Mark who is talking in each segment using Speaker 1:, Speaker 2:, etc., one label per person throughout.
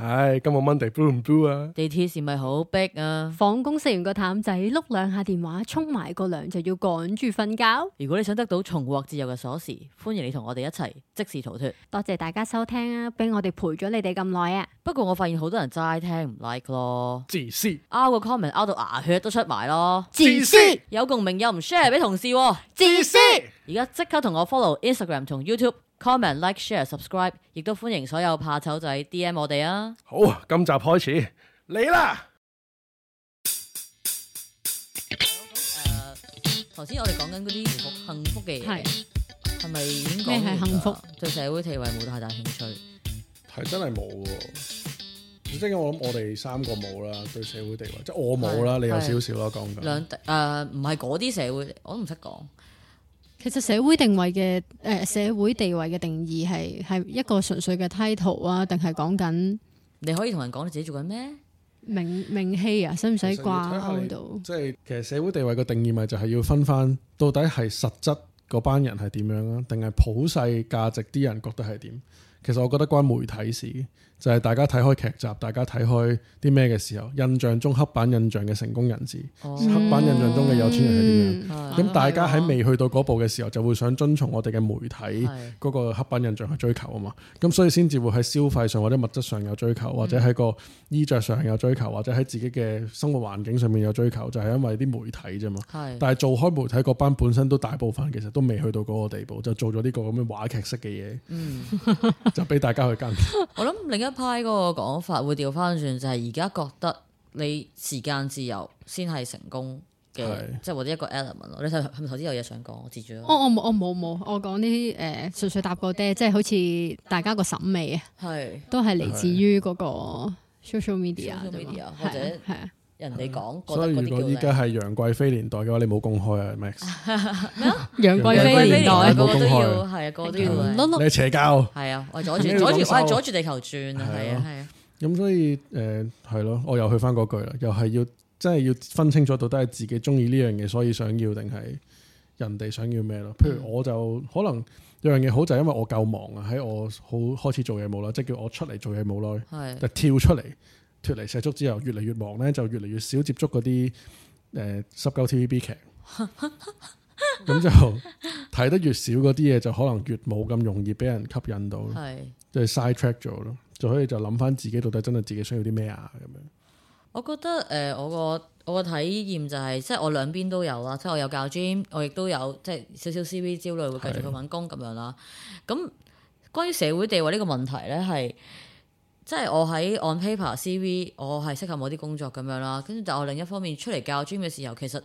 Speaker 1: 唉、哎，今日 Monday blue 唔 blue 啊？地鐵是咪好逼啊？
Speaker 2: 放工食完個淡仔，碌兩下電話，沖埋個涼就要趕住瞓覺。
Speaker 1: 如果你想得到重獲自由嘅鎖匙，歡迎你同我哋一齊即時逃脫。
Speaker 2: 多謝大家收聽啊，俾我哋陪咗你哋咁耐啊！
Speaker 1: 不過我發現好多人齋聽唔 like 咯，自私。拗個 comment 拗到牙血都出埋咯，自私。有共鳴又唔 share 俾 同事，自私。而家即刻同我 follow Instagram 同 YouTube。Comment like, share、Like、Share、Subscribe，亦都歡迎所有怕醜仔 DM 我哋啊！
Speaker 3: 好，今集開始嚟啦！
Speaker 1: 誒，頭先、呃、我哋講緊嗰啲幸福嘅嘢，係咪是已經講咗？咩係幸福對我我？對社會地位冇太大興趣，
Speaker 3: 係真係冇。首先我諗我哋三個冇啦，對社會地位即我冇啦，你有少少啦。講緊兩
Speaker 1: 誒，唔係嗰啲社會，我都唔識講。其實社會定位嘅
Speaker 2: 誒、呃、社會地位嘅定義係係一個純粹嘅 title 啊，定係講緊？
Speaker 1: 你可以同人講你自己做緊咩名名氣啊，使唔使掛喺度？
Speaker 3: 即係其，其實社會地位嘅定義咪就係要分翻到底係實質嗰班人係點樣啊，定係普世價值啲人覺得係點？其實我覺得關媒體事，就係、是、大家睇開劇集，大家睇開啲咩嘅時候，印象中黑板印象嘅成功人士，哦、黑板印象中嘅有錢人係點樣？咁大家喺未去到嗰步嘅時候，就會想遵從我哋嘅媒體嗰個黑板印象去追求啊嘛。咁所以先至會喺消費上或者物質上有追求，或者喺個衣着上有追求，嗯、或者喺自己嘅生活環境上面有追求，就係、是、因為啲媒體啫嘛。嗯嗯、但係做開媒體嗰班本身都大部分其實都未去到嗰個地步，就做咗呢個咁嘅話劇式嘅嘢。嗯 就俾大家去跟。
Speaker 1: 我諗另一派嗰個講法會調翻轉，就係而家覺得你時間自由先係成功嘅，即係是或者一個 element 咯。你頭頭先有嘢想講，我接住咯。我我
Speaker 2: 冇我冇冇，我講呢啲誒，純粹搭個爹，即、呃、係、就是、好似大家審是個審美啊，係都係嚟自於嗰個 social media，social media 或者係啊。
Speaker 1: 人哋講，所以
Speaker 3: 如果依家係楊貴妃年代嘅話，你冇公開啊，Max
Speaker 1: 咩啊？楊貴妃年代，個個都要係啊，個個都要。你係邪教？係啊，我阻住，阻住，我係阻住地球轉啊，係啊，
Speaker 3: 係啊。咁所以誒，係咯，我又去翻嗰句啦，又係要真係要分清楚到底係自己中意呢樣嘢，所以想要定係人哋想要咩咯？譬如我就可能有樣嘢好，就係因為我夠忙啊，喺我好開始做嘢冇啦，即係叫我出嚟做嘢冇耐，就跳出嚟。脫離社畜之後，越嚟越忙咧，就越嚟越少接觸嗰啲誒濕鳩 T V B 劇，咁 就睇得越少嗰啲嘢，就可能越冇咁容易俾人吸引到，是就 side track 咗咯。就可以就諗翻自己到底真係自己需要啲咩啊？咁樣，
Speaker 1: 我覺得誒、呃，我個我個體驗就係、是，即係我兩邊都有啊，即係我有教 gym，我亦都有即係少少 C V 焦慮，會繼續去搵工咁是樣啦。咁關於社會地位呢個問題咧，係。即係我喺 on paper CV，我係適合某啲工作咁樣啦。跟住，就我另一方面出嚟教 gym 嘅時候，其實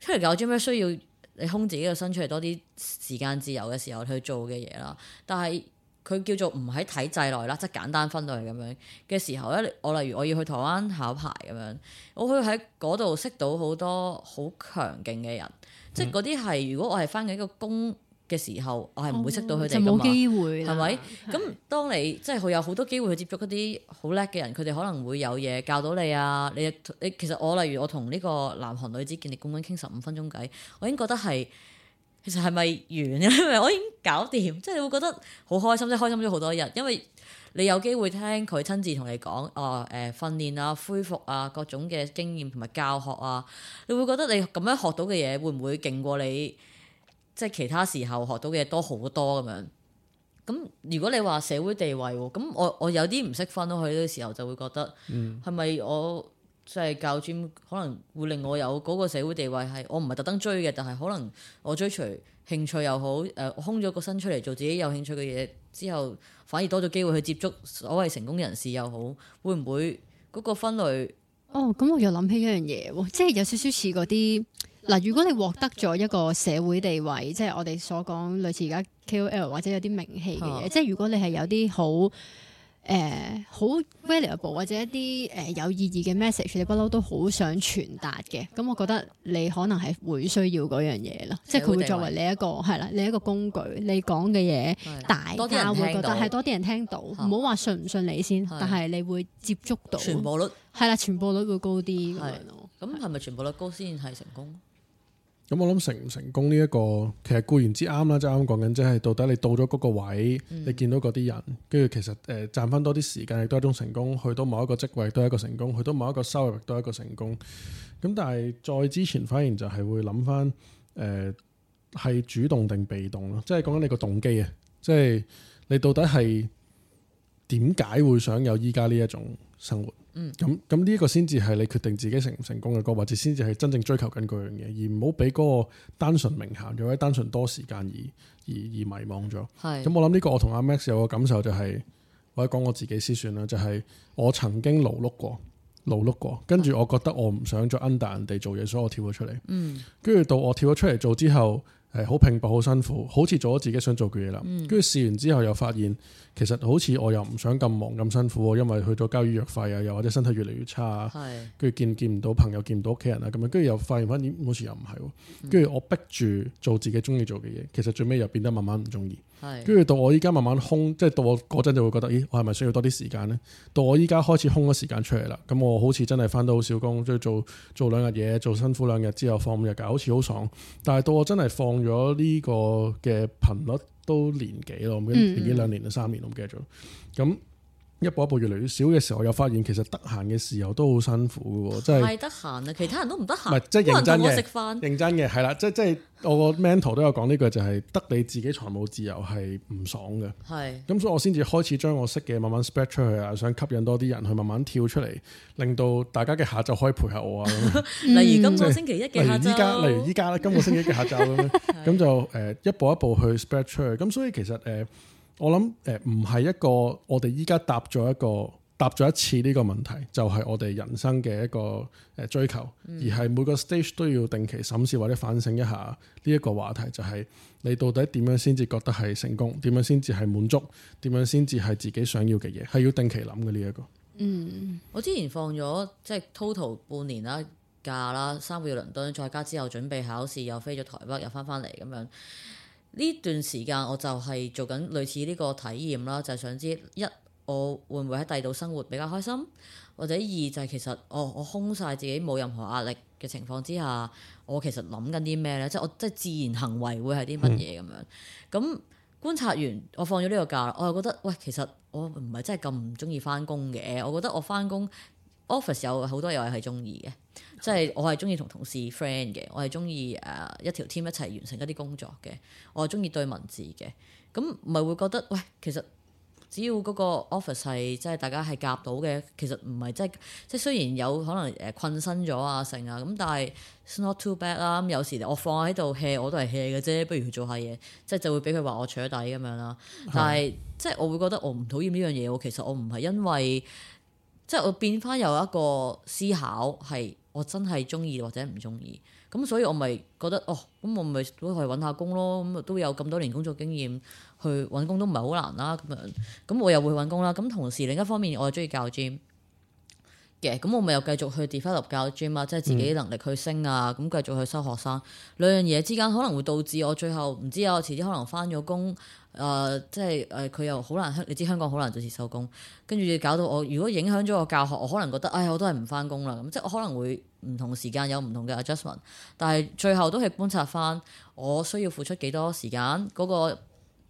Speaker 1: 出嚟教 gym 需要你空自己個身出嚟多啲時間自由嘅時候去做嘅嘢啦。但係佢叫做唔喺體制內啦，即係簡單分類咁樣嘅時候咧。我例如我要去台灣考牌咁樣，我會喺嗰度識到好多好強勁嘅人，嗯、即係嗰啲係如果我係返緊一個工嘅時候，我係唔會識到佢哋噶嘛，係咪、哦，就冇機會？咁吧是當你即係佢有好多機會去接觸嗰啲好叻嘅人，佢哋可能會有嘢教到你啊！你你其實我例如我同呢個南韓女子健力冠軍傾十五分鐘偈，我已經覺得係其實係咪完咧？因為 我已經搞掂，即係你會覺得好開心，即係開心咗好多日，因為你有機會聽佢親自同你講哦誒訓練啊、恢復啊各種嘅經驗同埋教學啊，你會覺得你咁樣學到嘅嘢會唔會勁過你？即係其他時候學到嘅嘢多好多咁樣，咁如果你話社會地位喎，咁我我有啲唔識分咯，佢啲時候就會覺得係咪、嗯、我即係、就是、教 gym 可能會令我有嗰個社會地位係我唔係特登追嘅，但係可能我追隨興趣又好，誒、呃、空咗個身出嚟做自己有興趣嘅嘢之後，反而多咗機會去接觸所謂成功人士又好，會唔會嗰個分類？
Speaker 2: 哦，咁我又諗起一樣嘢喎，即係有少少似嗰啲嗱，如果你獲得咗一個社會地位，即係我哋所講類似而家 KOL 或者有啲名氣嘅嘢，好即係如果你係有啲好。誒好、呃、valuable 或者一啲誒、呃、有意義嘅 message，你不嬲都好想傳達嘅，咁我覺得你可能係會需要嗰樣嘢咯，即係佢會，會作為你一個係啦，你一個工具，你講嘅嘢大家會覺得係多啲人聽到，唔好話信唔信你先，係。但係你會接觸到。傳播率係啦，傳播率會高啲咁樣咯。係。咁係咪傳播率
Speaker 1: 高先係成功？
Speaker 3: 咁我諗成唔成功呢、這、一個，其實固然之啱啦，即係啱講緊，即係到底你到咗嗰個位，嗯、你見到嗰啲人，跟住其實誒賺翻多啲時間亦都係一種成功，去到某一個職位都係一個成功，去到某一個收入亦都係一個成功。咁、嗯嗯、但係再之前，反而就係會諗翻誒係主動定被動咯，即係講緊你個動機啊，即、就、係、是、你到底係點解會想有依家呢一種生活？嗯，咁咁呢個先至係你決定自己成唔成功嘅歌，或者先至係真正追求緊嗰樣嘢，而唔好俾嗰個單純名銜，或者單純多時間而而而迷茫咗。係，咁我諗呢個我同阿 Max 有個感受就係，或者講我自己思算啦，就係我曾經勞碌過，勞碌過，跟住我覺得我唔想再 under 人哋做嘢，所以我跳咗出嚟。嗯，跟住到我跳咗出嚟做之後。係好拼搏好辛苦，好似做咗自己想做嘅嘢啦。跟住試完之後又發現，其實好似我又唔想咁忙咁辛苦。因為去咗交醫藥費啊，又或者身體越嚟越差。係是。跟住見見唔到朋友，見唔到屋企人啦，咁樣。跟住又發現翻點、哎嗯，好似又唔係。跟住我逼住做自己中意做嘅嘢，其實最尾又變得慢慢唔中意。跟住是到我依家慢慢空，即係到我嗰陣就會覺得，咦，我係咪需要多啲時間呢？到我依家開始空咗時間出嚟啦，咁我好似真係翻到好少工，即係做做兩日嘢，做辛苦兩日之後放五日假，好似好爽。但係到我真係放咗呢個嘅頻率都年幾咯，咁、嗯、已經兩年定三年，我唔記得咗。咁、嗯。一步一步越嚟越少嘅時候，我又發現其實得閒嘅時候都好辛苦嘅喎，真係太
Speaker 1: 得閒啦！其他人都唔得閒，冇人同我食飯，
Speaker 3: 認真嘅係啦，即係即係我個 mental 都有講呢句、就係，就係得你自己財務自由係唔爽嘅。係咁是，所以我先至開始將我識嘅慢慢 spread 出去啊，想吸引多啲人去慢慢跳出嚟，令到大家嘅下晝可以配合我啊。 例如今個星期一嘅下晝，嗯就係、例如依家，例如依家今個星期一嘅下晝咁，咁就誒一步一步去 spread 出去。咁所以其實誒。呃我諗誒，唔係一個我哋依家答咗一個答咗一次呢個問題，就係我哋人生嘅一個誒追求，嗯、而係每個 stage 都要定期審視或者反省一下呢一個話題，就係你到底點樣先至覺得係成功，點樣先至係滿足，點樣先至係自己想要嘅嘢，係要定期諗嘅呢一個。嗯，
Speaker 1: 我之前放咗即係 total 半年啦假啦，三個月倫敦，再加之後準備考試，又飛咗台北，又翻翻嚟咁樣。呢段時間我就係做緊類似呢個體驗啦，就係、是、想知一我會唔會喺第度生活比較開心，或者二就係、是、其實我、哦、我空晒自己冇任何壓力嘅情況之下，我其實諗緊啲咩呢？即、就、係、是、我即係自然行為會係啲乜嘢咁樣？咁、嗯、觀察完我放咗呢個假，我又覺得喂，其實我唔係真係咁唔鍾意返工嘅，我覺得我返工 office 有好多嘢係鍾意嘅。即係我係中意同同事 friend 嘅，我係中意誒一條 team 一齊完成一啲工作嘅，我係中意對文字嘅，咁唔係會覺得喂，其實只要嗰個 office 係即係大家係夾到嘅，其實唔係即係即係雖然有可能誒困身咗啊成啊，咁但係 it's not too bad 啦。咁有時我放喺度 hea，我都係 hea 嘅啫，不如去做下嘢，即係就會俾佢話我除咗底咁樣啦。但係即係我會覺得我唔討厭呢樣嘢，我其實我唔係因為即係我變翻有一個思考係。我真係中意或者唔中意，咁所以我咪覺得哦，咁我咪都係揾下工咯，咁啊都有咁多年工作經驗，去揾工都唔係好難啦，咁樣，咁我又會揾工啦，咁同時另一方面我又中意教 gym。嘅咁我咪又繼續去 develop 教 gym 啊，即係自己能力去升啊，咁、嗯、繼續去收學生，兩樣嘢之間可能會導致我最後唔知啊，遲啲可能返咗工，誒、呃、即係誒佢又好難香，你知香港好難到時收工，跟住搞到我如果影響咗我教學，我可能覺得唉我都係唔返工啦，咁即係我可能會唔同時間有唔同嘅 adjustment，但係最後都係觀察返我需要付出幾多時間嗰、那個。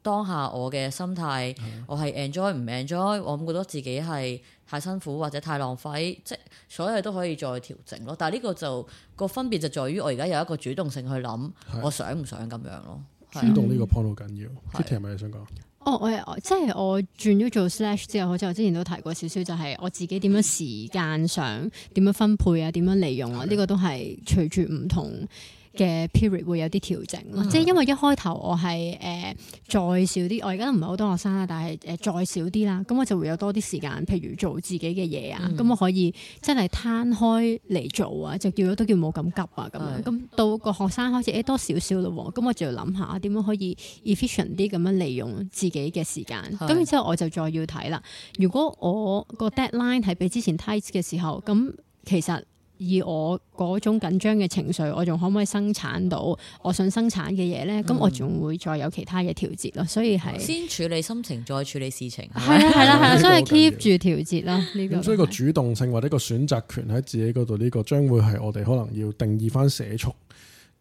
Speaker 1: 當下我嘅心態，的我係 enjoy 唔 enjoy，我唔覺得自己係太辛苦或者太浪費，即所有都可以再調整咯。但係呢個就、個分別就在於我而家有一個主動性去諗，我想唔想咁樣咯。
Speaker 3: 主動呢個 point 好緊要。係咪想講？嗯、哦，
Speaker 2: 我即係我轉咗做 Slash 之後，好似我之前都提過少少，就係我自己點樣時間上點樣分配啊，點樣利用啊，呢的個都係隨住唔同嘅 period 會有啲調整咯，嗯、即係因為一開頭我係誒、呃、再少啲，我而家唔係好多學生啦，但係誒、呃、再少啲啦，咁我就會有多啲時間，譬如做自己嘅嘢啊，咁、嗯、我可以真係攤開嚟做啊，就叫都叫冇咁急啊咁樣。咁、嗯、到個學生開始誒、欸、多少少咯，咁我就要諗下點樣可以 efficient 啲咁樣利用自己嘅時間。咁然之後我就再要睇啦。如果我個 deadline 係比之前 tight 嘅時候，咁其實，以我嗰種緊張嘅情緒，我仲可唔可以生產到我想生產嘅嘢咧？咁、嗯、我仲會再有其他嘅調
Speaker 1: 節咯，所以係先處理心情，再處理事情。係 啊係
Speaker 2: 啦係，所以 keep 住調節咯
Speaker 1: 呢 個、就是。所以個主
Speaker 3: 動性或者個選擇權喺自己嗰度，呢、這個將會係我哋可能要定義返社畜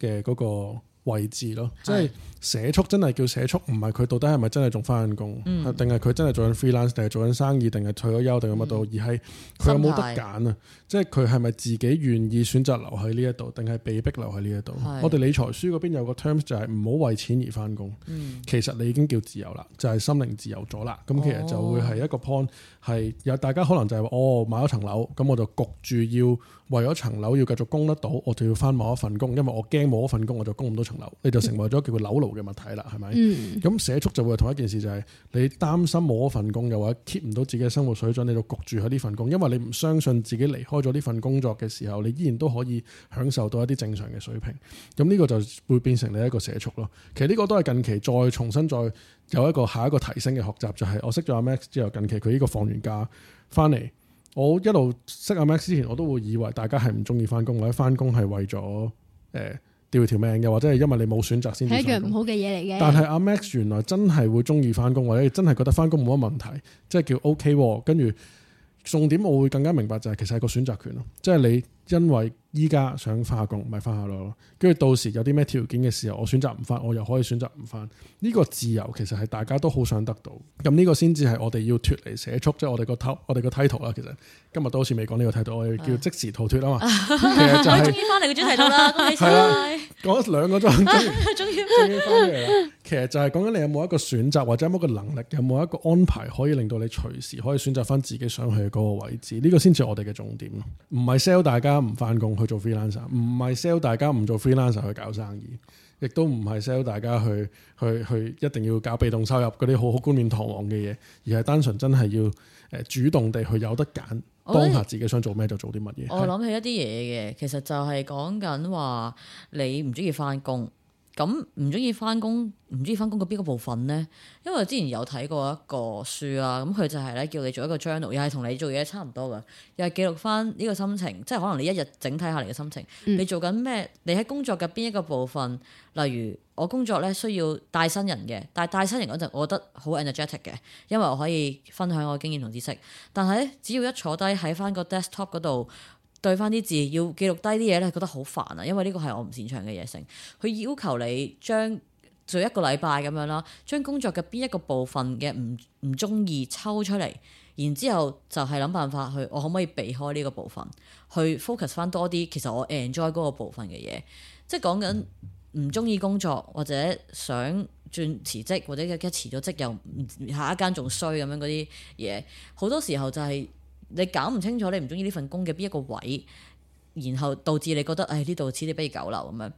Speaker 3: 嘅嗰個位置咯，啊、即係。社畜真係叫社畜，唔係佢到底係咪真係仲翻緊工，定係佢真係做緊 freelance，定係做緊生意，定係退咗休，定係乜都，嗯、而係佢有冇得揀啊？態即係佢係咪自己願意選擇留喺呢一度，定係被逼留喺呢一度？是我哋理財書嗰邊有個 terms 就係唔好為錢而翻工，嗯、其實你已經叫自由啦，就係、是、心靈自由咗啦。咁其實就會係一個 point 係有大家可能就係、是、話哦買咗層樓，咁我就焗住要為咗層樓要繼續供得到，我就要翻某一份工，因為我驚冇一份工我就供唔到層樓，你就成為咗叫佢樓奴。 嘅問題啦，係咪、嗯？咁社畜就會係同一件事就係、是，你擔心冇一份工，嘅或者 keep 唔到自己嘅生活水準，你就焗住喺呢份工，因為你唔相信自己離開咗呢份工作嘅時候，你依然都可以享受到一啲正常嘅水平。咁呢個就會變成你一個社畜咯。其實呢個都係近期再重新再有一個下一個提升嘅學習，就係、是、我識咗阿 Max 之後，近期佢呢個放完假翻嚟，我一路識阿 Max 之前，我都會以為大家係唔中意翻工，或者翻工係為咗誒。呃掉條命又或者係因為你冇選擇先係一樣唔
Speaker 2: 好嘅嘢嚟嘅。但係
Speaker 3: 阿 Max 原來真係會鍾意返工，或者真係覺得返工冇乜問題，即係叫 OK 喎。跟住重點，我會更加明白就係其實係個選擇權咯，即係你。因為依家想翻工，咪翻下咯。跟住到時有啲咩條件嘅時候，我選擇唔翻，我又可以選擇唔翻。呢、這個自由其實係大家都好想得到。咁、這、呢個先至係我哋要脫離社畜，即係我哋個頭，我哋個 title 啦。其實今日都好似未講呢個 title，我哋叫即時逃脫啊嘛。其實就係終於翻嚟個主題圖啦，咁意思。講咗兩個鐘，終於終於翻
Speaker 1: 嚟
Speaker 3: 啦。其實就係講緊你有冇一個選擇，或者有冇一個能力，有冇一個安排可以令到你隨時可以選擇翻自己想去嘅嗰個位置。呢、這個先至我哋嘅重點咯。唔係 sell 大家。唔翻工去做 freelancer，唔係 sell 大家唔做 freelancer 去搞生意，亦都唔係 sell 大家去去去一定要搞被動收入嗰啲好好冠冕堂皇嘅嘢，而係單純真係要誒主動地去有得揀，當下自己想做咩就做啲乜嘢。我諗
Speaker 1: 呢是起一啲嘢嘅，其實就係講緊話你唔中意翻工。咁唔中意翻工，唔中意翻工嘅邊個部分呢？因為之前有睇過一個書啊，咁佢就係咧叫你做一個 journal，又係同你做嘢差唔多嘅，又係記錄翻呢個心情，即係可能你一日整體下嚟嘅心情。嗯、你做緊咩？你喺工作嘅邊一個部分？例如我工作咧需要帶新人嘅，但係帶新人嗰陣我覺得好 energetic 嘅，因為我可以分享我經驗同知識。但係只要一坐低喺翻個 desktop 嗰度，對翻啲字，要記錄低啲嘢咧，覺得好煩啊！因為呢個係我唔擅長嘅嘢性。佢要求你將做一個禮拜咁樣啦，將工作嘅邊一個部分嘅唔唔中意抽出嚟，然之後就係諗辦法去，我可唔可以避開呢個部分，去 focus 翻多啲其實我 enjoy 嗰個部分嘅嘢。即係講緊唔中意工作或者想轉辭職，或者一間辭咗職又下一間仲衰咁樣嗰啲嘢，好多時候就係。你搞唔清楚你唔中意呢份工嘅邊一個位，然後導致你覺得，唉，呢度此地不宜久留咁樣。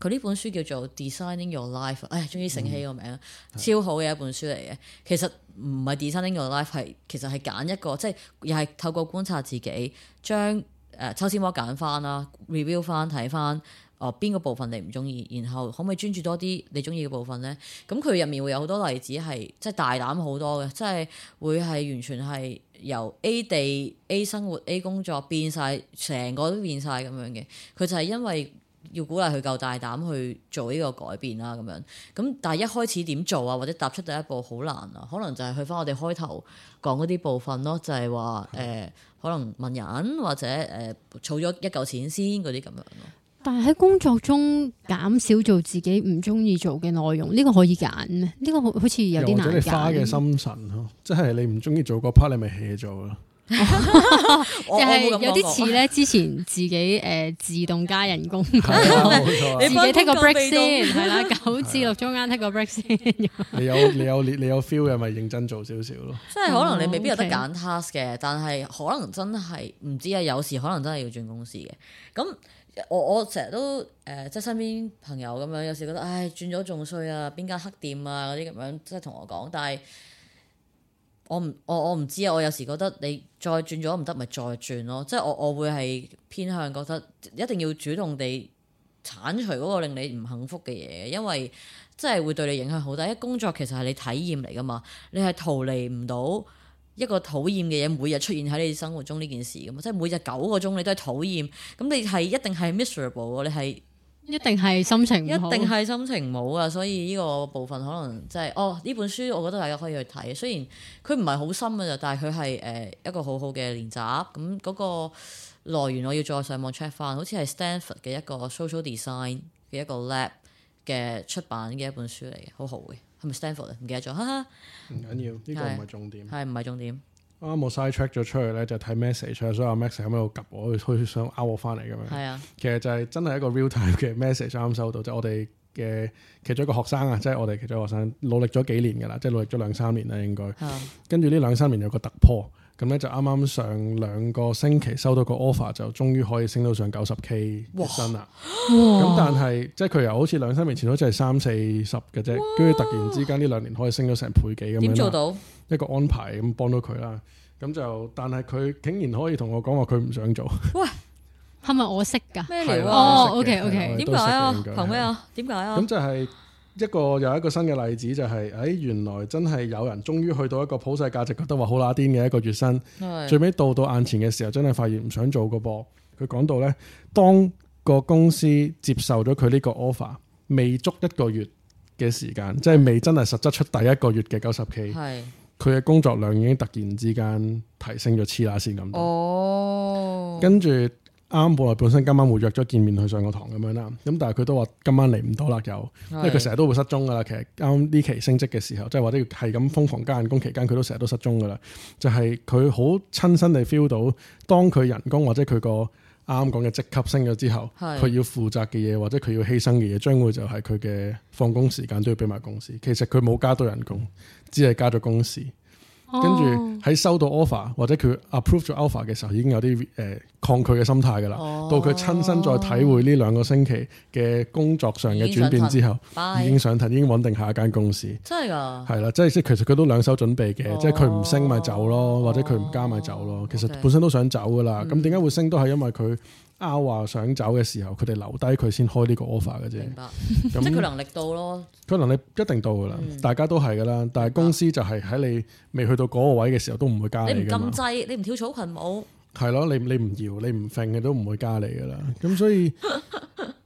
Speaker 1: 佢呢本書叫做 Designing Your Life，唉，終於醒起個名，嗯、超好嘅一本書嚟嘅。的其實唔係 Designing Your Life，係其實係揀一個，即係又係透過觀察自己，將誒、呃、抽絲剝揀翻啦，review 翻睇翻。哦，邊個部分你唔中意？然後可唔可以專注多啲你中意嘅部分呢？咁佢入面會有好多例子，係即係大膽好多嘅，即係會係完全係由 A 地 A 生活 A 工作變晒，成個都變晒咁樣嘅。佢就係因為要鼓勵佢夠大膽去做呢個改變啦，咁樣。咁但係一開始點做啊？或者踏出第一步好難啊？可能就係去翻我哋開頭講嗰啲部分咯，就係話誒，可能問人或者誒儲咗一嚿錢先嗰啲咁樣咯。
Speaker 2: 但係喺工作中減少做自己唔中意做嘅內容，呢個可以揀。呢個好似有啲難揀。花嘅心
Speaker 3: 神咯，即係你唔中意做嗰 part，你咪起咗咯。
Speaker 2: 即係有啲似咧，之前自己誒自動加人
Speaker 3: 工，自己
Speaker 1: take 個 break 先，係啦，九至六中間 take 個 break 先。
Speaker 3: 你有你有你有 feel 嘅咪認真做少少咯。
Speaker 1: 即係可能你未必有得揀 task 嘅，但係可能真係唔知啊。有時可能真係要轉公司嘅咁。我我成日都誒、呃，即係身邊朋友咁樣，有時覺得，唉，轉咗仲衰啊，邊間黑店啊嗰啲咁樣，即係同我講。但係我唔我我唔知啊。我有時覺得你再轉咗唔得，咪再轉咯。即係我我會係偏向覺得一定要主動地剷除嗰個令你唔幸福嘅嘢，因為即係會對你影響好大。因為工作其實係你體驗嚟噶嘛，你係逃離唔到，一個討厭嘅嘢每日出現喺你生活中呢件事，咁即係每日九個鐘你都係討厭，咁你係一定係 miserable，你係
Speaker 2: 一定係心情唔好，一定
Speaker 1: 係心情唔好㗎！所以呢個部分可能即係哦，呢本書我覺得大家可以去睇，雖然佢唔係好深嘅啫，但係佢係誒一個好好嘅練習。咁嗰個來源我要再上網 check 翻，好似係 Stanford 嘅一個 social design 嘅一個 lab 嘅出版嘅一本書嚟嘅，好好嘅。係咪 Stanford 唔記得咗，哈哈，唔緊要，呢、這個唔係重點，係唔係重點？剛
Speaker 3: 剛我啱冇 side track 咗出去咧，就睇 message，所以阿 Max 喺邊度夾我，佢想 out 我翻嚟咁樣。係啊，其實就係真係一個 real time 嘅 message，啱收到，就是、我哋嘅其中一個學生啊，即、就、係、是、我哋其中一個學生努力咗幾年嘅啦，即係努力咗兩三年啦，應該、啊。跟住呢兩三年有個突破。咁咧就啱啱上兩個星期收到個 offer，就終於可以升到上九十 K 一身啦。咁但係即係佢又好似兩三年前好似係三四十嘅啫，跟住哇突然之間呢兩年可以升咗成倍幾咁樣。點做到？一個安排咁幫到佢啦。咁就但係佢竟然可以同我講話佢唔想做。
Speaker 2: 喂，係咪我識㗎？咩嚟㗎？
Speaker 3: 哦，OK OK。點解啊？憑咩
Speaker 1: 啊？點解啊？咁就
Speaker 3: 係。一個又一個新嘅例子就係、是，誒、欸、原來真係有人終於去到一個普世價值覺得話好乸癲嘅一個月薪，是最尾到到眼前嘅時候，真係發現唔想做個噃。佢講到呢，當個公司接受咗佢呢個 offer，未足一個月嘅時間，即係未真係實質出第一個月嘅九十 K，佢嘅工作量已經突然之間提升咗黐乸線咁
Speaker 1: 多。
Speaker 3: 哦，跟住。啱本來本身今晚會約咗見面去上個堂咁樣啦，咁但係佢都話今晚嚟唔到啦，又，因為佢成日都會失蹤噶啦。其實啱呢期升職嘅時候，即係或者係咁瘋狂加人工期間，佢都成日都失蹤噶啦。就係佢好親身地 feel 到，當佢人工或者佢個啱講嘅職級升咗之後，佢是要負責嘅嘢或者佢要犧牲嘅嘢，將會就係佢嘅放工時間都要俾埋工時。其實佢冇加到人工，只係加咗工時。跟住喺收到 offer 或者佢 approve 咗 offer 嘅時候，已經有啲誒、呃、抗拒嘅心態嘅啦。哦、到佢親身再體會呢兩個星期嘅工作上嘅轉變之後，已經上騰，拜騰，已經穩定下一間公司。
Speaker 1: 真
Speaker 3: 係㗎，係啦，即係即係其實佢都兩手準備嘅，哦、即係佢唔升咪走咯，哦、或者佢唔加咪走咯。哦、其實本身都想走㗎啦。咁點解會升？都係因為佢。嗯阿華想走嘅時候，佢哋留低佢先開呢個 offer 嘅啫。明
Speaker 1: 白，即係佢能力到咯。
Speaker 3: 佢 能力一定到噶啦，嗯、大家都係噶啦。但係公司就係喺你未去到嗰個位嘅時候，都唔會加你，你，你。你唔撳
Speaker 1: 掣，你唔跳草裙舞，
Speaker 3: 係咯？你，你唔搖，你唔揈，佢都唔會加你噶啦。咁所以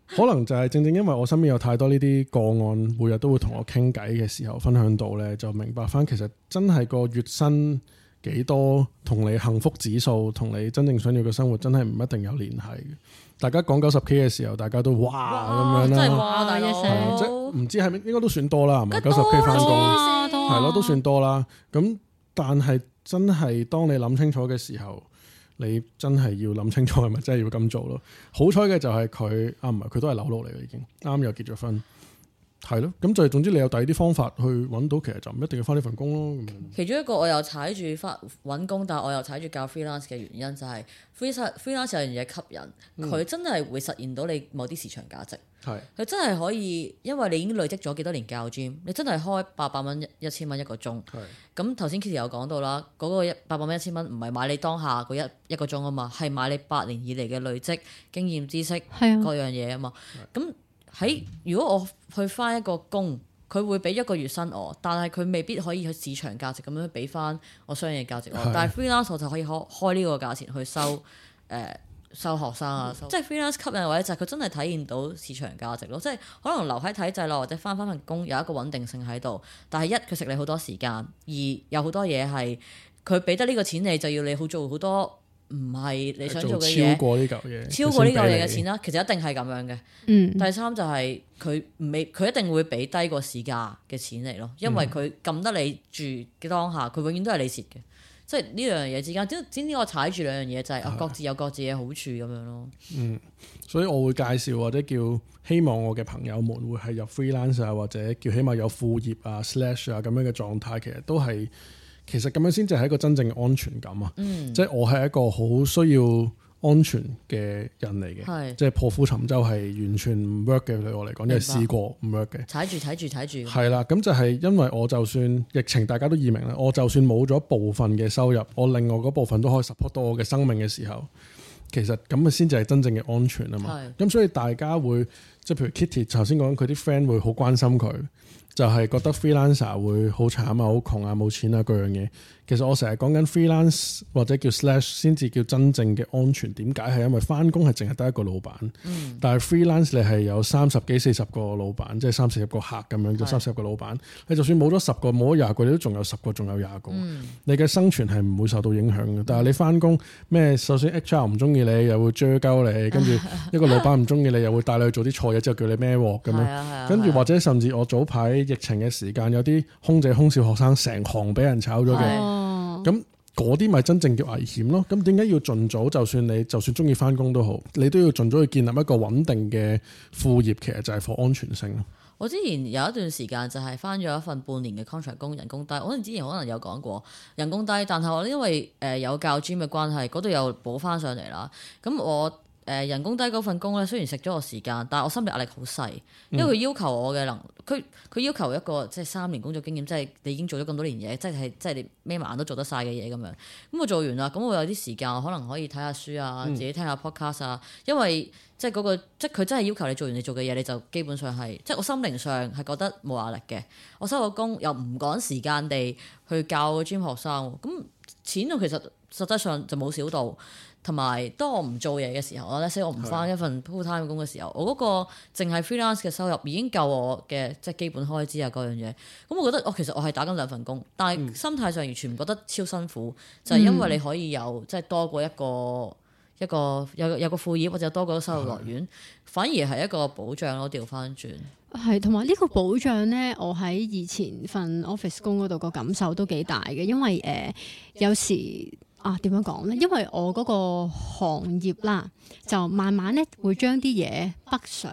Speaker 3: 可能就係正正因為我身邊有太多呢啲個案，每日都會同我傾偈嘅時候分享到咧，就明白翻其實真係個月薪。幾多同你幸福指數同你真正想要嘅生活真係唔一定有聯繫嘅。大家講九十 k 嘅時候，大家都嘩哇咁樣啦，真係哇對大嘅哥唔知係咪應該都算多啦，係咪？九十 k 返工，係咯了，都算多啦。咁了但係真係當你諗清楚嘅時候，你真係要諗清楚係咪真係要咁做咯？好彩嘅就係佢啊，唔係佢都係扭落嚟嘅已經，啱又結咗婚。係咯，咁就係總之你有第二啲方法去揾到，其實就唔一定要返呢份工咯。
Speaker 1: 其中一個我又踩住返揾工，但我又踩住教 freelance 嘅原因就係、是、free, freelance 有 r 樣嘢吸引，佢、嗯、真係會實現到你某啲市場價值。係佢是的 真係可以，因為你已經累積咗幾多年教 gym，你真係開八百蚊一千蚊一個鐘。係咁頭先 Kitty 有講到啦，嗰、那個一八百蚊一千蚊唔係買你當下嗰一一個鐘啊嘛，係買你八年以嚟嘅累積經驗知識，係啊是的 各樣嘢啊嘛。咁是的 喺如果我去翻一個工，佢會俾一個月薪我，但係佢未必可以去市場價值咁樣俾翻我相應嘅價值。是但係 freelancer 就可以開開呢個價錢去收誒、呃、收學生啊，嗯、即係 freelancer 吸引嘅位就係佢真係體現到市場價值咯。即係可能留喺體制內或者翻翻份工有一個穩定性喺度，但係一佢食你好多時間，二有好多嘢係佢俾得呢個錢你就要你好做好多。唔係你想做嘅嘢，超過呢嚿嘢，超過呢嚿嘢嘅錢啦。其實一定係咁樣嘅。嗯、第三就係佢未，佢一定會俾低過市價嘅錢嚟咯。因為佢撳得你住嘅當下，佢、嗯、永遠都係你蝕嘅。即係呢兩樣嘢之間，點點點我踩住兩樣嘢就係、是、啊，的各自有各自嘅好處咁樣咯。嗯，
Speaker 3: 所以我會介紹或者叫希望我嘅朋友們會係入 freelance 啊，或者叫起碼有副業啊 slash 啊咁樣嘅狀態，其實都係。其實咁樣先至係一個真正嘅安全感啊！嗯、即係我係一個好需要安全嘅人嚟嘅，是即係破釜沉舟係完全唔 work 嘅對我嚟講，因為試過唔 work 嘅。踩住
Speaker 1: 踩住踩住。係
Speaker 3: 啦，咁就係因為我就算疫情大家都移民啦，我就算冇咗部分嘅收入，我另外嗰部分都可以 support 到我嘅生命嘅時候，其實咁啊先至係真正嘅安全啊嘛。咁是所以大家會即係譬如 Kitty 頭先講佢啲 friend 會好關心佢。就係覺得 freelancer 會好慘啊，好窮啊，冇錢啊，嗰樣嘢。其實我成日講緊 freelance 或者叫 slash 先至叫真正嘅安全，點解係因為翻工係淨係得一個老闆，嗯、但係 freelance 你係有三十幾四十個老闆，即係三四十個客咁樣，就三十個老闆，是你就算冇咗十個，冇咗廿個，你都仲有十個，仲有廿個，嗯、你嘅生存係唔會受到影響嘅。但係你翻工咩？首先 HR 唔中意你，又會追鳩你，跟住 一個老闆唔中意你，又會帶你去做啲錯嘢之後叫你孭鍋咁樣，跟住、啊啊啊、或者甚至我早排疫情嘅時間，有啲空姐、空少學生成行俾人炒咗嘅。咁嗰啲咪真正叫危險咯！咁點解要盡早？就算你就算鍾意返工都好，你都要盡早去建立一個穩定嘅副業，其實就係 for 安全性咯。
Speaker 1: 我之前有一段時間就係返咗一份半年嘅 contract 工，人工低。我之前可能有講過，人工低，但係我因為誒有教 gym 嘅關係，嗰度又補返上嚟啦。咁我誒人工低嗰份工咧，雖然食咗個時間，但係我心理壓力好細，因為佢要求我嘅能力，佢佢要求一個即係三年工作經驗，即係你已經做咗咁多年嘢，即係即係你眯埋眼都做得晒嘅嘢咁樣。咁我做完啦，咁我有啲時間，可能可以睇下書啊，自己聽下 podcast 啊，因為即係嗰、嗰個即係佢真係要求你做完你做嘅嘢，你就基本上係即係我心靈上係覺得冇壓力嘅。我收個工又唔趕時間地去教 gym 學生，咁錢其實實質上就冇少到。同埋，當我唔做嘢嘅時候，的我咧，所以我唔返一份 full-time 工嘅時候，的我嗰個淨係 freelance 嘅收入已經夠我嘅即係基本開支啊嗰樣嘢。咁我覺得，我、哦、其實我係打緊兩份工，但係心態上完全唔覺得超辛苦，嗯、就係因為你可以有即係、就是、多過一個一個有有個副業或者多過個收入來源，的反而係一個保障咯。調返轉
Speaker 2: 係同埋呢個保障呢，我喺以前份 office 工嗰度個感受都幾大嘅，因為誒、呃、有時。啊，點樣講咧？因為我嗰個行業啦，就慢慢咧會將啲嘢北上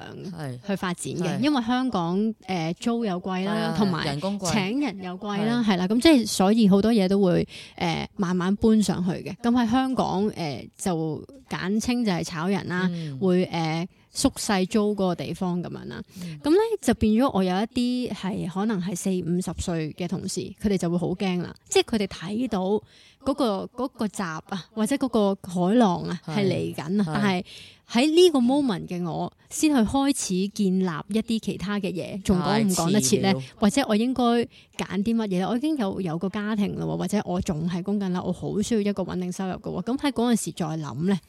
Speaker 2: 去發展嘅。因為香港誒、呃、租又貴啦，同埋、啊、有請人又貴啦，係啦是。咁即係所以好多嘢都會誒、呃、慢慢搬上去嘅。咁喺香港誒、呃、就簡稱就係炒人啦，嗯、會誒。呃縮細租嗰個地方咁樣啦，咁咧、嗯、就變咗我有一啲係可能係四五十歲嘅同事，佢哋就會好驚啦。即係佢哋睇到嗰、那個嗰、嗯那個那個閘啊，或者嗰個海浪啊，係嚟緊啊。但係喺呢個 moment 嘅我，先去開始建立一啲其他嘅嘢，仲講唔講得切咧料？或者我應該揀啲乜嘢？我已經有有個家庭啦，或者我仲係供緊啦，我好需要一個穩定收入嘅喎。咁喺嗰陣時再諗咧。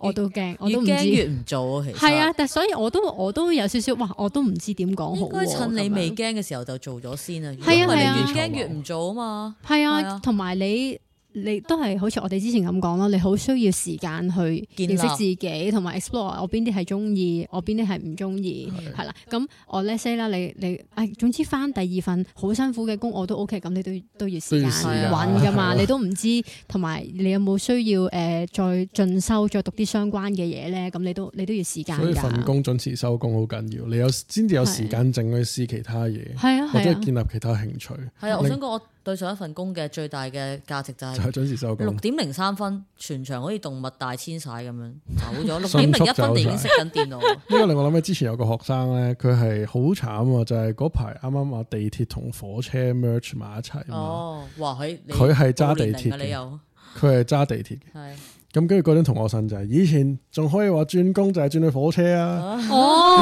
Speaker 2: 我都驚，越我都唔知。越驚越唔
Speaker 1: 做啊，其實。
Speaker 2: 係啊，但係所以我都我都有少少，哇！我都唔知點講好、啊、應該趁你未
Speaker 1: 驚嘅時候就做咗先啊。係啊係啊。越驚越唔做啊嘛。
Speaker 2: 係啊，同埋、啊、你。你都係好似我哋之前咁講咯，你好需要時間去認識自己，同埋 explore 我邊啲係中意，我邊啲係唔中意，係啦的。咁我 let's say 啦，你你誒，總之翻第二份好辛苦嘅工我都 OK，咁你都要都要時間揾噶嘛，的你都唔知，同埋的你有冇需要誒再、呃、進修，再讀啲相關嘅嘢咧，咁你都你都要時間。所以份工
Speaker 3: 準時收工好緊要，你有先至有時間整去試其他嘢，係啊，或者建立其他興趣。係啊的，我想講
Speaker 1: 我。對上一份工嘅最大嘅價值就係準時收工。六點零三分， 全場好似動物大遷徙咁樣走咗。六點零一分你 已經熄緊電腦。呢個
Speaker 3: 令我諗起之前有個學生咧，佢係好慘啊！就係嗰排啱啱話地鐵同火車 merge 埋一齊。哦，
Speaker 1: 哇！佢佢係揸地鐵你有？
Speaker 3: 佢係揸地鐵嘅。 咁跟住嗰種同學就仔，以前仲可以話轉工就係轉去火車啊，依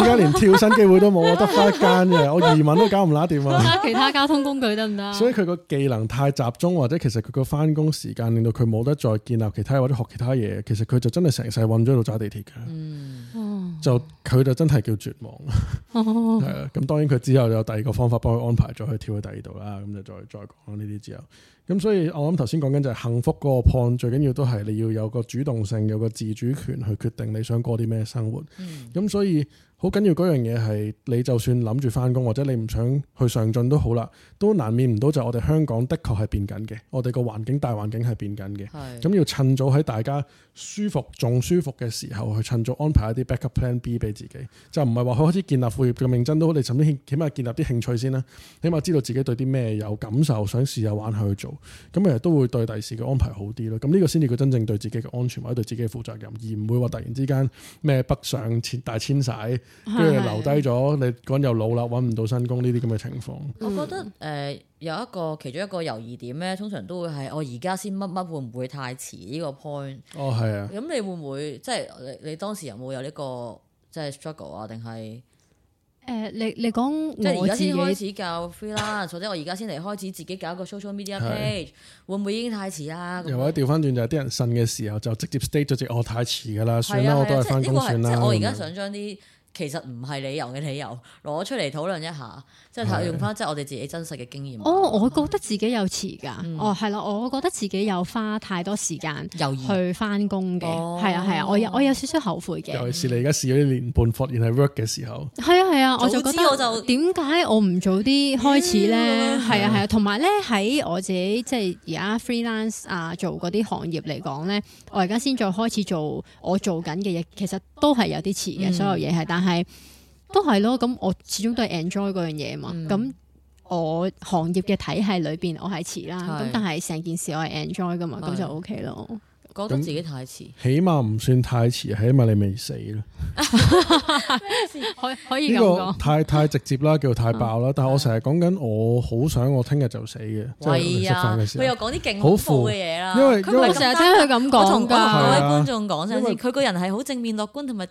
Speaker 3: 家、哦、連跳身機會都冇，得翻一間嘅，我移民都搞唔甩掂啊！其
Speaker 2: 他交通工具得唔得？ 所以
Speaker 3: 佢個技能太集中，或者其實佢個翻工時間令到佢冇得再建立其他或者學其他嘢，其實佢就真係成世混咗喺度揸地鐵嘅。嗯就佢就真係叫絕望，係 啊！咁 當然佢之後有第二個方法幫佢安排咗，去跳去第二度啦。咁就再再講呢啲之後，咁所以我諗頭先講緊就係幸福嗰個 point，最緊要都係你要有個主動性，有個自主權去決定你想過啲咩生活。咁、嗯、所以。好緊要嗰樣嘢係，你就算諗住返工或者你唔想去上進都好啦，都難免唔到，就我哋香港的確係變緊嘅，我哋個環境大環境係變緊嘅。係，咁要趁早喺大家舒服仲舒服嘅時候，去趁早安排一啲 backup plan B 俾自己，就唔係話佢開始建立副業嘅認真都好，你甚至起起碼建立啲興趣先啦，起碼知道自己對啲咩有感受，想試下玩下去做，咁其實都會對第時嘅安排好啲咯。咁呢個先至佢真正對自己嘅安全或者對自己嘅負責任，而唔會話突然之間咩北上大遷徙。跟住留低咗，你嗰人又老啦，揾唔到新工呢啲咁嘅情況。
Speaker 1: 我覺得誒有一個其中一個猶豫點咧，通常都會係我而家先乜乜會唔會太遲呢個 point？哦係啊。咁你會唔會即係你你當時有冇有呢個即係 struggle 啊？定係誒，你你講即係而家先開始教 free 啦，或者我而家先嚟開始自己搞個 social media page，會唔會已經太遲啊？又或者
Speaker 3: 調翻轉就係啲人信嘅時候就直接 state 咗住我太遲噶啦，算啦，我都係返工算啦。我而家
Speaker 1: 想將啲。其實唔係理由嘅理由，攞出嚟討論一下，即係的用返即係我哋自己真實嘅經驗。哦
Speaker 2: ，oh, 我覺得自己有遲㗎。哦、嗯，係啦、oh，我覺得自己有花太多時間去返工嘅。係啊意，係啊，我有我有少少後悔嘅。尤其
Speaker 3: 是你而家試咗一年半，發現係 work 嘅時候。
Speaker 2: 係啊係啊，我就覺得我，我就點解我唔早啲開始咧？係啊係啊，同埋咧喺我自己即係而家 freelance 啊做嗰啲行業嚟講咧，我而家先再開始做我做緊嘅嘢，其實都係有啲遲嘅。所有嘢係但係都係咯，咁我始終都係 enjoy 嗰樣嘢嘛。咁、嗯、我行業嘅體系裏邊，我係遲啦。咁是但係成件事我係 enjoy 噶嘛，咁是就 OK 咯。
Speaker 1: 覺得
Speaker 3: 自己太遲，起碼唔算太遲，起碼你未死啦。
Speaker 1: 可可以咁講，
Speaker 3: 太太直接啦，叫太爆啦。但係我成日講緊，我好想我聽日就死嘅。喂，佢又講啲勁好負嘅嘢啦。
Speaker 1: 因為佢成日聽佢咁講，同各位觀眾講先。佢個人係好正面樂觀同埋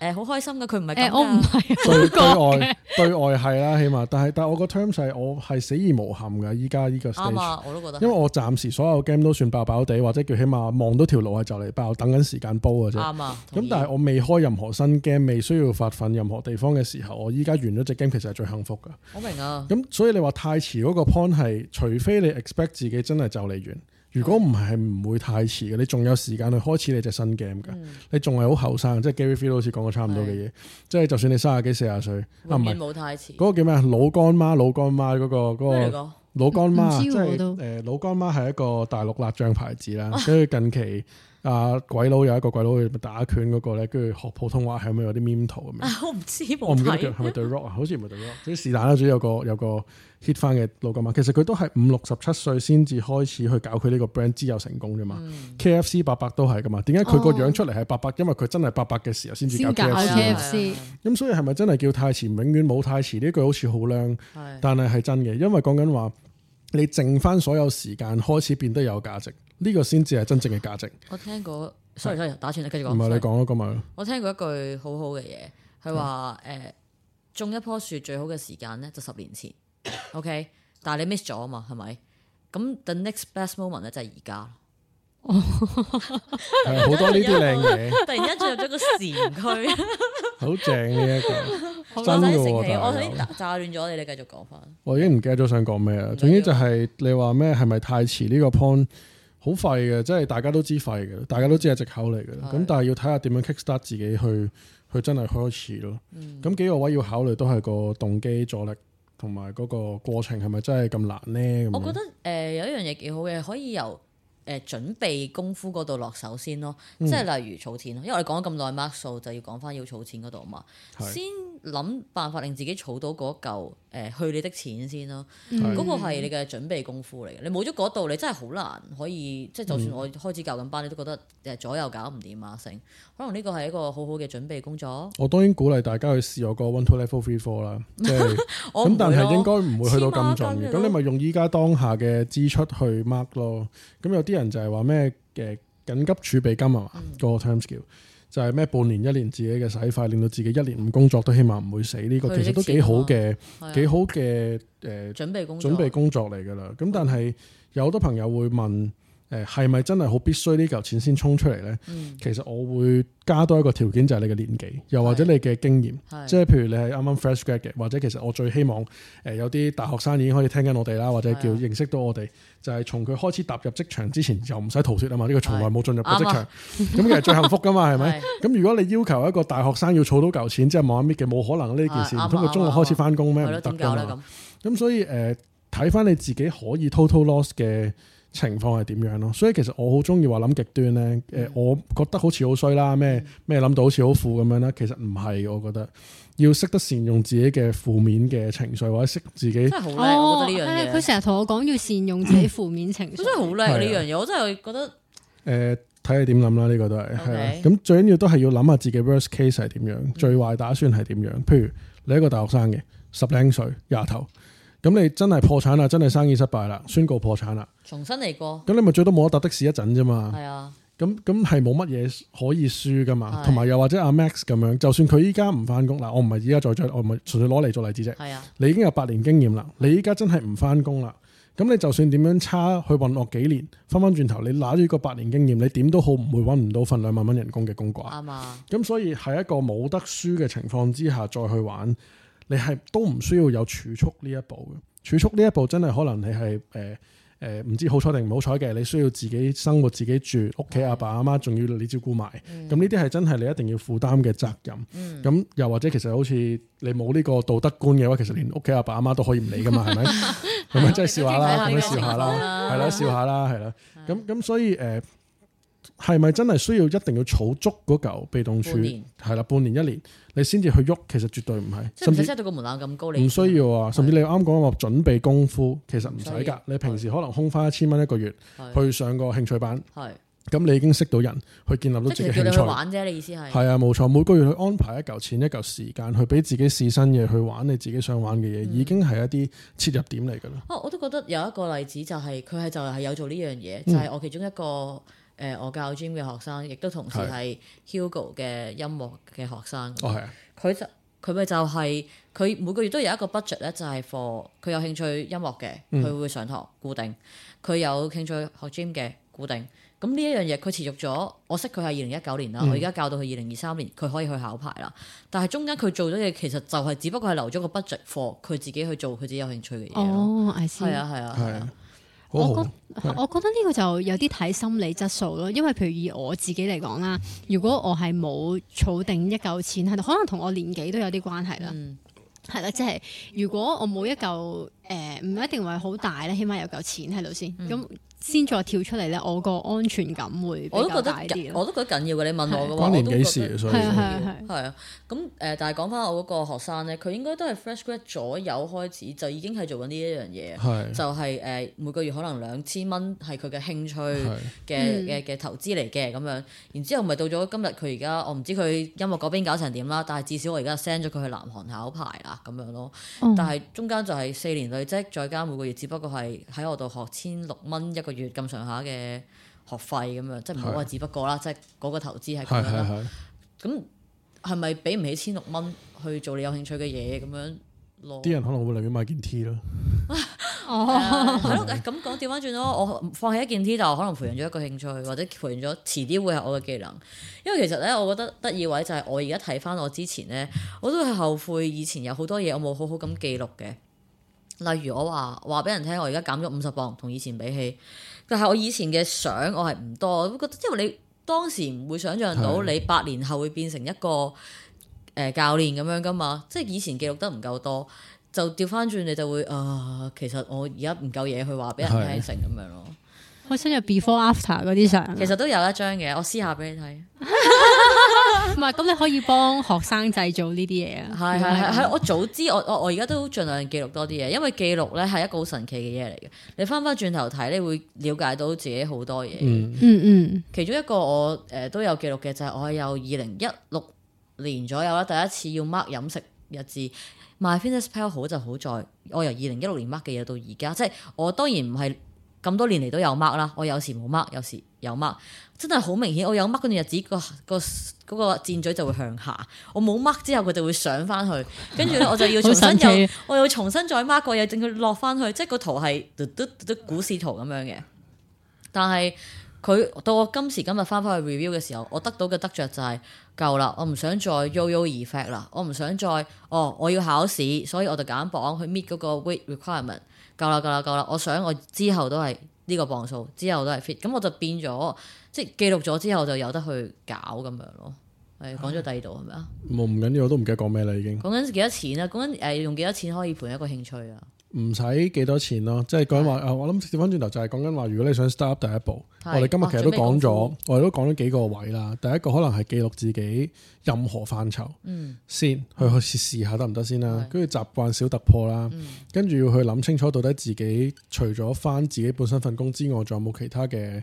Speaker 1: 誒好開心嘅。佢唔係我唔係。對外
Speaker 3: 對外係啦，起碼。但係但係我個 terms 係我係死而無憾嘅。依家呢個 stage，我都覺得。因為我暫時所有 game 都算爆爆地，或者叫起碼望到。條路係就嚟爆，等緊時間煲嘅啫。啱咁、啊嗯、但係我未開任何新 game，未需要發奮任何地方嘅時候，我依家完咗隻 game 其實係最幸福噶。我
Speaker 1: 明啊！咁、
Speaker 3: 嗯、所以你話太遲嗰個 point 係，除非你 expect 自己真係就嚟完。如果唔係，係唔會太遲嘅。你仲有時間去開始你隻新 game 噶？嗯、你仲係、就是、好後生，即係 Gary Phil 好似講過差唔多嘅嘢。即係是就算你三十幾四十歲，會 啊唔係，嗰個叫咩老乾媽老乾媽嗰個嗰個。那個老干媽、啊、即係是誒，也老乾媽係一個大陸辣醬牌子啦，跟住、啊、近期。啊！鬼佬有一個鬼佬去打拳嗰，那個咧，跟住學普通話係咪有啲 meme 圖咁樣，啊？我
Speaker 1: 唔知我冇睇。係咪對 rock 啊？
Speaker 3: 好似唔係對 rock。即是但啦，主有個有個 hit 翻嘅老金嘛。其實佢都係五六十七歲先至開始去搞佢呢個 brand，知有成功啫嘛。嗯、K F C 八百都係噶嘛。點解佢個樣出嚟係八百？哦、因為佢真係八百嘅時候先至搞 K F C。咁、啊、所以係咪真係叫太遲？永遠冇太遲呢句好似好靚，是但係係真嘅。因為講緊話，你剩翻所有時間開始變得有價值。呢個先至係真正嘅價值。
Speaker 1: 我聽過，sorry sorry，打斷你，繼續講。唔係你
Speaker 3: 講嗰個咪？
Speaker 1: 我聽過一句好好嘅嘢，佢話誒，種一棵樹最好嘅時間咧就十年前，OK，但係你 miss 咗啊嘛，係咪？咁 the next best moment 咧就係而
Speaker 3: 家。好多呢啲靚嘢。突然間進入
Speaker 1: 咗個時區。
Speaker 3: 好正呢一個。真係神奇，我啲
Speaker 1: 打打亂咗你，你繼續講翻。
Speaker 3: 我已經唔記得咗想講咩啦。總之就係你話咩係咪太遲呢個 point？好廢嘅，即係大家都知廢嘅，大家都知係藉口嚟嘅。咁的但係要睇下點樣 kick start 自己去去真係開始咯。咁、嗯、幾個位要考慮都係個動機阻力同埋嗰個過程係咪真係咁難呢？我覺得
Speaker 1: 誒、呃、有一樣嘢幾好嘅，可以由誒、呃、準備功夫嗰度落手先咯。即係例如儲錢咯，嗯、因為我哋講咗咁耐，mark 數、so，就要講翻要儲錢嗰度啊嘛，的先。諗辦法令自己儲到嗰嚿誒去你的錢先咯，嗰、嗯、個係你嘅準備功夫嚟嘅。嗯、你冇咗嗰度，你真係好難可以，即、就、係、是、就算我開始教緊班，你都覺得誒左右搞唔掂啊，成可能呢個係一個好好嘅準備工作。
Speaker 3: 我當然鼓勵大家去試我個 one two level three four 啦，即係咁， 會但係應該唔會去到咁重。咁、就是、你咪用依家當下嘅支出去 mark 咯。咁有啲人就係話咩嘅緊急儲備金啊，嗰、嗯、個 terms 叫。就係咩半年一年自己嘅洗費，令到自己一年唔工作都起碼唔會死呢個，其實都幾好嘅，幾、啊、好嘅誒的、呃、準備工作，準備工作嚟㗎喇。咁但係有好多朋友會問。誒係咪真係好必須呢嚿錢先衝出嚟呢？其實我會加多一個條件，就係你嘅年紀，又或者你嘅經驗。即係譬如你係啱啱 fresh graduate，或者其實我最希望誒有啲大學生已經可以聽緊我哋啦，或者叫認識到我哋，就係從佢開始踏入職場之前，就唔使逃脫啊嘛。呢個從來冇進入過職場，
Speaker 1: 咁其實最
Speaker 3: 幸福噶嘛，係咪？咁如果你要求一個大學生要儲到嚿錢，即係望一啲嘅，冇可能呢件事。唔通佢中學開始翻工咩唔得㗎嘛？咁所以誒，睇翻你自己可以 total loss 嘅。情況係點樣咯？所以其實我好中意話諗極端咧。誒、呃，我覺得好似好衰啦，咩咩諗到好似好富咁樣啦？其實唔係，我覺得要識得善用自己嘅負面嘅情緒，或者識自己。真係
Speaker 1: 好叻，哦、我覺得呢樣嘢。佢
Speaker 2: 成日同我講要善用自己負面情緒，嗯、真係好叻呢樣嘢。我
Speaker 3: 真係覺得誒，睇、呃、你點諗啦？呢、呢個都係係啦。咁 Okay.、啊、最緊要都係要諗下自己 worst case 係點樣，嗯、最壞打算係點樣。譬如你一個大學生嘅十零歲廿頭。咁你真係破產啦，真係生意失敗啦，宣告破產啦。
Speaker 1: 重新嚟過。
Speaker 3: 咁你咪最多冇得搭的士一陣啫嘛。係啊。
Speaker 1: 咁
Speaker 3: 咁係冇乜嘢可以輸噶嘛，同埋又或者阿 Max 咁樣，就算佢依家唔翻工啦，我唔係依家再做，我唔係純粹攞嚟做例子啫。係啊。你已經有八年經驗啦，你依家真係唔翻工啦，咁你就算點樣差去混落幾年，翻翻轉頭你拿住個八年經驗，你點都好唔會搵唔到份兩萬蚊人工嘅工噶。啱啊。咁所以係一個冇得輸嘅情況之下再去玩。你係都唔需要有儲蓄呢一步嘅，儲蓄呢一步真係可能你係誒誒唔知好彩定唔好彩嘅，你需要自己生活自己住，屋企阿爸阿媽仲要你照顧埋，咁呢啲係真係你一定要負擔嘅責任。咁、嗯、又或者其實好似你冇呢個道德觀嘅話，其實連屋企阿爸阿媽都可以唔理噶嘛，係咪？咁 樣真係笑下啦，咁 樣笑下啦，係啦， 笑下啦，係啦。咁咁所以誒。係咪真係需要一定要儲足嗰嚿被動儲？係啦，半年一年你先至去喐，其實絕對唔係。甚至 set
Speaker 1: 到個門檻咁高，你唔
Speaker 3: 需要啊。甚至你啱講我準備功夫，其實唔使噶。你平時可能空花一千蚊一個月去上個興趣班，咁你已經識到人去建立到自己興趣。玩
Speaker 1: 啫，你意思係？
Speaker 3: 係啊，冇錯。每個月去安排一嚿錢、一嚿時間去俾自己試新嘢，去玩你自己想玩嘅嘢，已經係一啲切入點嚟噶啦。
Speaker 1: 哦，我都覺得有一個例子就係佢係就係有做呢樣嘢，就係我其中一個。誒、呃，我教 gym 嘅學生，亦都同時係 Hugo 嘅音樂嘅學生。佢的就佢咪就係、是、佢每個月都有一個 budget 咧，就係 for 佢有興趣音樂嘅，佢、嗯、會上堂固定；佢有興趣學 gym 嘅固定。咁呢一樣嘢，佢持續咗。我識佢係二零一九年啦，嗯、我而家教到佢二零二三年，佢可以去考牌啦。但係中間佢做咗嘢，其實就係只不過係留咗個 budget for，佢自己去做佢自己有興趣嘅嘢。哦，
Speaker 2: 係啊，係啊，係啊。
Speaker 1: 我覺我
Speaker 2: 覺得呢是個就有啲睇心理質素咯，因為譬如以我自己嚟講啦，如果我係冇儲定一嚿錢，係可能同我年紀都有啲關係啦，係啦、嗯，即係、就是、如果我冇一嚿。誒唔、呃、一定話好大咧，起碼有嚿錢喺度先，咁、嗯、先再跳出嚟咧，我個安全感會我都覺得
Speaker 1: 我都覺得緊要嘅，你問我嘅的年幾時所以係係係啊。咁誒，但係講翻我嗰個學生咧，佢應該都係 fresh grad 左右開始就已經係做緊呢一樣嘢，的就係誒每個月可能兩千蚊係佢嘅興趣嘅嘅嘅投資嚟嘅咁樣，然之後咪到咗今日佢而家，我唔知佢音樂嗰邊搞成點啦，但係至少我而家 send 咗佢去南韓考牌啦咁樣咯，但係中間就係四年即再加每個月，只不過係喺我度學千六蚊一個月咁上下嘅學費咁樣，即係唔好話只不過啦，即係嗰個投資係咁樣。咁係咪俾唔起千六蚊去做你有興趣嘅嘢？咁樣咯，
Speaker 3: 啲人可能會寧願買件 T 咯，
Speaker 1: 係咯。咁講調翻轉咯，我放棄一件 T，但我可能培養咗一個興趣，或者培養咗遲啲會係我嘅技能。因為其實咧，我覺得得意位就係我而家睇翻我之前咧，我都係後悔以前有好多嘢我冇好好咁記錄嘅。例如我話話俾人聽，我而家減咗五十磅，同以前比起，但係我以前嘅相我係唔多，覺得因為你當時唔會想象到你百年後會變成一個誒教練咁樣噶嘛，即係的、呃、以前記錄得唔夠多，就調返轉你就會啊、呃，其實我而家唔夠嘢去話俾人聽成咁樣咯。
Speaker 2: 的我睇下 before after 嗰啲相，其實都有一張嘅，
Speaker 1: 我試下俾你睇。 唔係，咁你可以幫學生製造呢啲嘢啊？係係係，我早知我我我而家都盡量記錄多啲嘢，因為記錄咧係一個好神奇嘅嘢嚟嘅。你翻翻轉頭睇，你會了解到自己好多嘢。嗯嗯，其中一個我誒都有記錄嘅就係、是、我有二零一六年左右啦，第一次要 mark 飲食日誌。My Fitness Pal 好就好在，我由二零一六年 mark 嘅嘢到而家，即、就、係、是、我當然唔係咁多年嚟都有 mark 啦。我有時冇 mark，有時有 mark。真係好明顯，我有 m a 掹嗰段日子，那個個嗰箭嘴就會向下。我冇 Mark 之後，佢就會上翻去。跟住咧，我就要重新又， 奇我又重新再 Mark 個嘢，整佢落翻去。即係個圖係嘟嘟股市圖咁樣嘅。但係佢到我今時今日翻返去 review 嘅時候，我得到嘅得着就係夠啦。我唔想再悠悠而 fail 啦。我唔想再哦，我要考試，所以我就減磅去 m e e t g h requirement。夠啦夠啦夠啦！我想我之後都係，呢個磅數之後都係 fit，咁我就變咗，即係記錄咗之後就有得去搞咁樣咯。誒係講咗第二度係咪啊？
Speaker 3: 冇，唔緊要，我都唔記得講咩啦已經。
Speaker 1: 講緊幾多錢啊？講緊誒用幾多錢可以盤一個興趣啊？
Speaker 3: 唔使幾多錢咯，即係講緊話，的我諗調翻轉頭就係講緊話，如果你想 start 第一步，的我哋今日其實都講咗，我哋都講咗幾個位啦。第一個可能係記錄自己任何範疇，嗯，先去開始試下得唔得先啦。跟住習慣小突破啦，跟住、嗯、要去諗清楚到底自己除咗返自己本身份工之外，仲有冇其他嘅。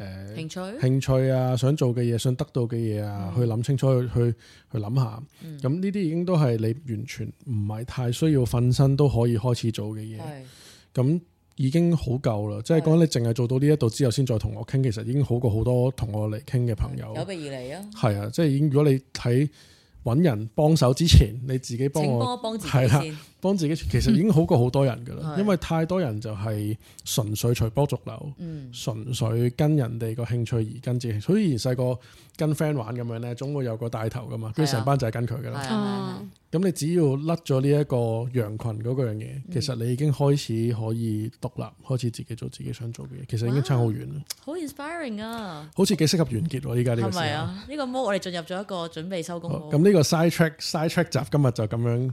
Speaker 3: 誒，興趣興趣啊，想做嘅嘢，想得到嘅嘢啊，嗯、去諗清楚，去去去諗下。咁呢啲已經都係你完全唔係太需要瞓身都可以開始做嘅嘢。咁、嗯、已經好夠啦，嗯、即係講你淨係做到呢一度之後，先再同我傾，其實已經好過好多同我嚟傾嘅朋友。嗯、有
Speaker 1: 備而嚟啊！
Speaker 3: 係啊，即係已經。如果你喺揾人幫手之前，你自己幫我，幫我幫自己幫自己其實已經好過好多人噶啦，的因為太多人就係純粹隨波逐流，純、嗯、粹跟人哋個興趣而跟自己住。所以而細個跟 friend 玩咁樣咧，總會有個帶頭噶嘛，的跟成班就係跟佢噶啦。咁你只要甩咗呢一個羊群嗰個樣嘢，嗯、其實你已經開始可以獨立，開始自己做自己想做嘅嘢。其實已經差好遠
Speaker 1: 啦。好 inspiring 啊！Insp
Speaker 3: 啊好似幾適合完結喎，依家呢個時。係咪啊？
Speaker 1: 呢、 啊、 個 mode 我哋進入咗一個準備收工。
Speaker 3: 咁呢個 side track，side track 集今日就咁樣。